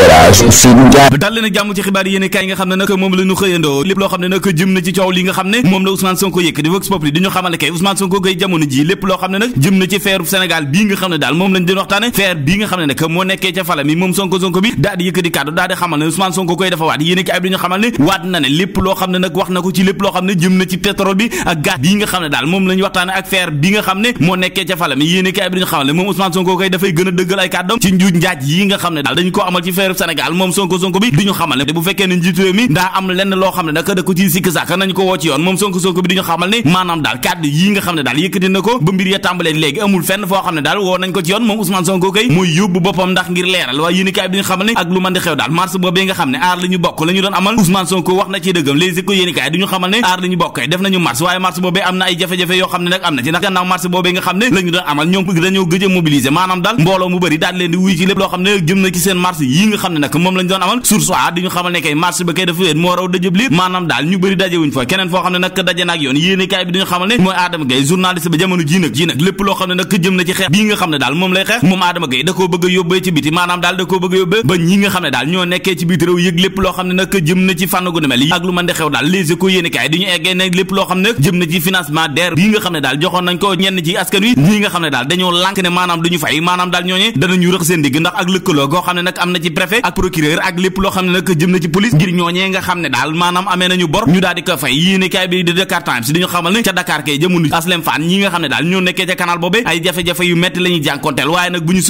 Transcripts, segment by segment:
Elhadji dal leen jàmm ci xibaar yéen nga xam ne nag moom la xëyandoo lépp loo xam ne nag jëm na ci coow li nga xam ne moom la Ousmane ne lépp loo xam ne nag wax na ko ci lépp loo xam ne jëm na ci pétrole bi ak gaz bi nga xam ne daal moom lañ waxtaane ak feer bi nga xam ne moo nekkee ca fala mi bi ñu xamal ne moom Ousmane Sonko koy dafay gën a dëggal ay kàddoom ci njuuj njaaj yi nga xam ne daal dañ ko amal ci feer askanu léegi amul ñu xamal ne ak lu mën di xew daal marche boobee nga xam ne aar li ñu def nañu marche boobee nga xam ne la doon amal ñoom dañoo gëj a mobiliser maanaam daal mbooloo mu bëri daal leen di wuy ci lépp loo xam ne jëm na ci seen marche yi nga xam ne nag moom lañ doon amal source a xamal ne kay marché ba kay dafa wéet moo raw dajëb liir maanaam daal ñu bëri dajewuñ fa keneen foo xam ne nag daje naak yoon yéene kaay bi loo xam ne nag jëm ne ci financement DER bii nga xam ne daal joxoon nañ ko ñenn ci askan wi ñi nga xam ne daal dañoo lànk ne maanaam duñu fay maanaam daal ñooñe danañu rëx seen digg ndax ak lëkkaloo goo xam ne nag am na ci préfet ak procureur ak lépp loo xam ne nag jëm na ci police ngir ñooñee nga xam ne daal maanaam amee nañu bor ñu daal ko fay yéene kay nga xam ne daal ñoo nekkee ca canal boobee ay jafe-jafe yu metti la ñuy jànkonteel waaye nag bu ñu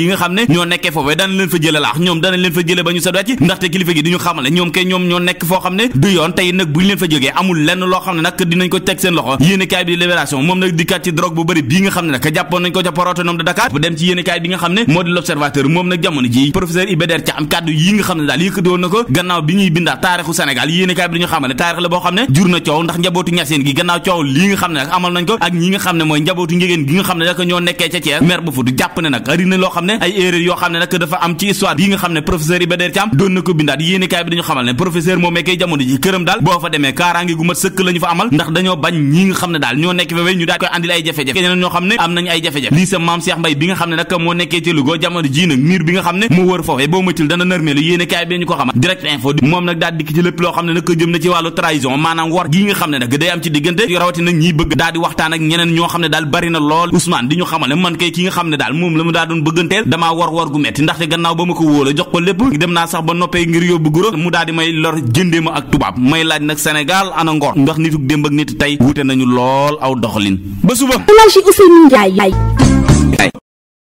yi nga xam ne ñoo nekkee foofee dana leen fa jële laax ñoom dana leen fa jële ba ñu sa doci ndaxte kilifa gi di ne ñoom kay ñoom ñoo nekk bu ñu leen fa jógee amul lenn loo xam ne nag dinañ ko teg seen loxo yéene kaay bi di libération moom nag dikkaat ci drogue bu bëri bii nga xam ne nag jàppoon nañ ko ca port autonome de Dakar bu dem ci yéene kaay bi nga xam ne moo di l'observateur moom nag jamono ji professeur Iba yoo xam ne nag dafa am ci histoire bi nga xam ne professeur Iba Der Thiam doon dañu bañ ñi nga xam ne daal ñoo nekk fewee ñu daal koy andil ay jafe-jafe ñeneen ñoo xam ne am nañ ay jafe-jafe lii sa maam Cheikh Mbaye bi nga xam ne nag moo nekkee ci Louga jamono nag mur bi nga xam ne moo wër fa foofee boo matul dana nërmeelu yéene kaay bee ñu ko xamal direct info moom nag daal dikk ci lépp loo xam ne nag jëm na ci wàllu trahison maanaam war gi nga xam ne nag day daal man kay ki nga xam ne daal moom la mu daa doon bëgganteel damaa war war gu metti ndaxte gannaaw ba ma ko wóola jox ko lépp dem naa sax ba noppee ngir yóbbu guro mu daal di may lor jëndee ma ak tubaab may laaj nag Sénégal ana ngor ndax nituk démb ak nit tey wute nañu lool aw doxalin ba